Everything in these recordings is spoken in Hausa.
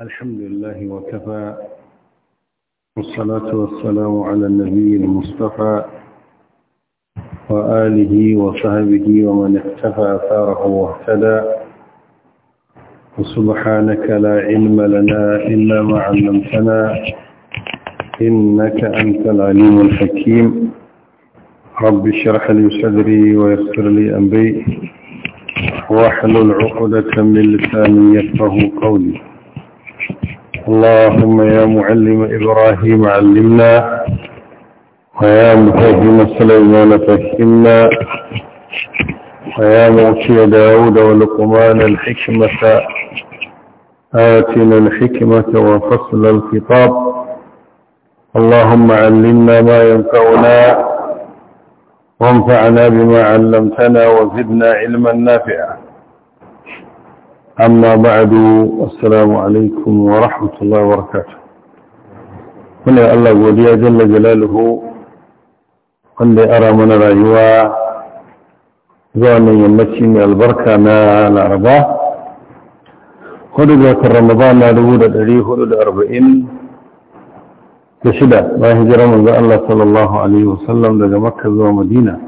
الحمد لله وكفى والصلاة والسلام على النبي المصطفى وآله وصحبه ومن اقتفى أثاره واهتدى وسبحانك لا علم لنا إلا ما علمتنا إنك أنت العليم الحكيم رب اشرح لي صدري ويسر لي أمري واحلل عقدة من لساني يفقه قولي اللهم يا معلم إبراهيم علمنا ويا مفهم سليمان فهمنا ويا موتي داود ولقمان الحكمة آتنا الحكمة وفصل الخطاب اللهم علمنا ما ينفعنا وانفعنا بما علمتنا وزدنا علما نافعا أما بعد السلام عليكم ورحمة الله وبركاته هنا الله وليا جل جلاله wanda ya ara mana rayuwa zuwa nan yammaci mai albarka na laraba hudu ga watan ramadan na dubu da ɗari hudu da arba'in da shida bayan hijira Allah sallallahu alaihi wasallam daga makka zuwa madina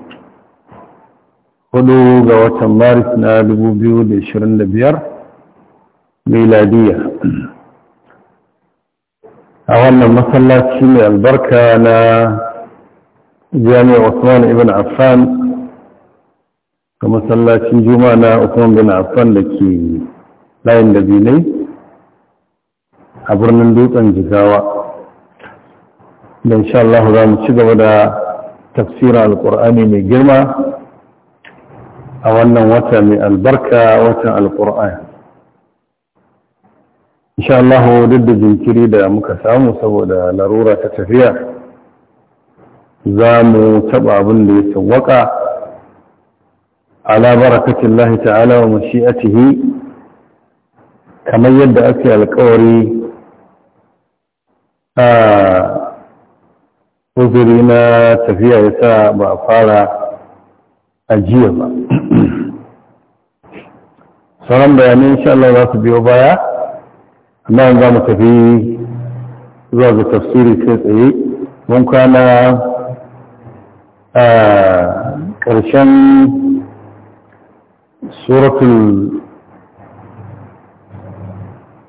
hudu ga watan maris na dubu biyu da ishirin da biyar miladiya a wannan masallaci mai albarka na jami'a Usman ibn Affan ga masallacin juma na Usman bin Affan da ke layin da binai a birnin dutsen jigawa da insha Allah za mu ci gaba da tafsirin alkur'ani mai girma a wannan wata mai albarka watan alkur'ani insha Allah duk da jinkiri da muka samu saboda larura ta tafiya za mu taɓa abin da ya tawaka ala barakatun lahi ta'ala wa mashi'atihi kamar yadda ake alkawari a uzuri na tafiya ya sa ba a fara ajiya ba sauran bayanai insha Allah za su biyo baya أما أن ذلك فيه ذلك التفسير الكثير ممكن آه، كرشان سورة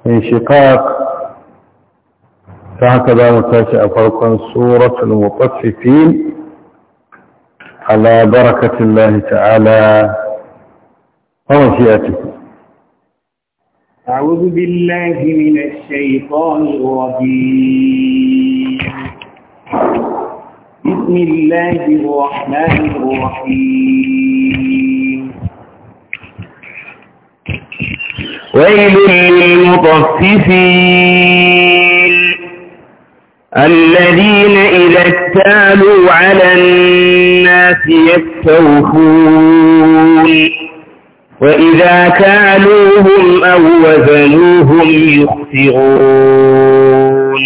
الانشقاق فهكذا متاشئ فرقا سورة المطففين على بركة الله تعالى ومشيئتكم أعوذ بالله من الشيطان الرجيم بسم الله الرحمن الرحيم ويل للمطففين الذين إذا اكتالوا على الناس يستوفون وإذا كالوهم أو وزنوهم يخسرون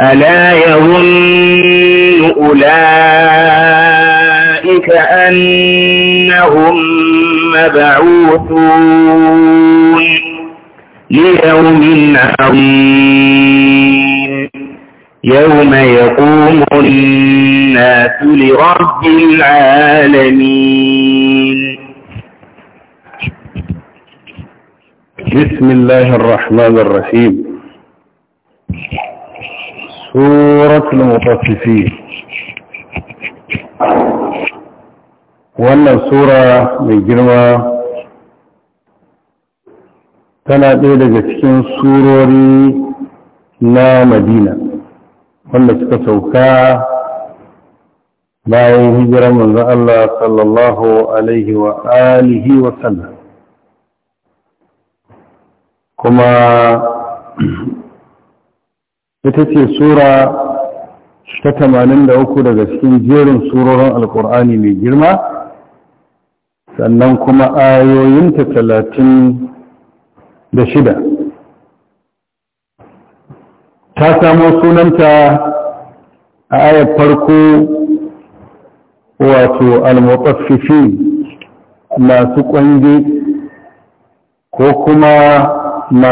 ألا يظن أولئك أنهم مبعوثون ليوم عظيم يوم يقوم الناس لرب العالمين بسم الله الرحمن الرحيم سورة المطففين wannan sura mai girma tana ɗaya daga cikin surori na madina wanda suka sauka bayan hijirar manzan Allah sallallahu alaihi wa wa kuma ita ce sura ta tamanin da uku daga cikin jerin surorin alkur'ani mai girma sannan kuma ayoyinta talatin da shida ta samo sunanta a ayar farko wato almutsaffifi masu kwanje ko kuma